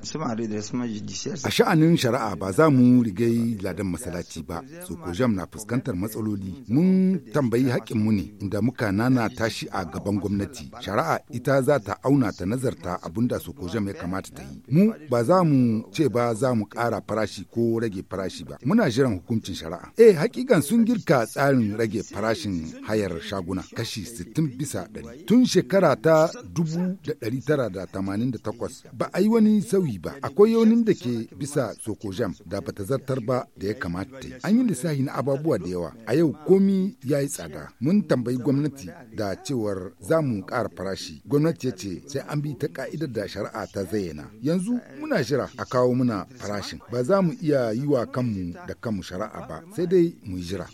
A sha'anin shari'a ba za mu rigai ladan masalaci ba, Sokojam na fuskantar matsaloli. Mun tambayi haƙƙinmu ne inda muka nana tashi a gaban gwamnati. Shari'a ita za ta auna ta nazarta abinda Sokojam ya kamata ta yi. Mu ba za mu ce ba za mu ƙara farashi ko rage farashi ba. Muna jiran hukuncin shari'a. Eh, hakikan sun girka tsarin rage farashin hayar shaguna kashi 60 bisa 100. Tun shekara ta da 1988 ba a yi wani sauyi ba akwai yaunin da ke bisa sokojam da bata zartar ba da ya kamata an yi lissafi na ababuwa da yawa a yau komi ya yi tsada mun tambayi gwamnati da cewar za mu ƙara farashi gwamnati ya ce sai an bi ta ka'idar da shari'a ta zayyana yanzu muna jira a kawo muna farashin ba za mu iya yi wa kanmu da kanmu shari'a ba sai dai mu jira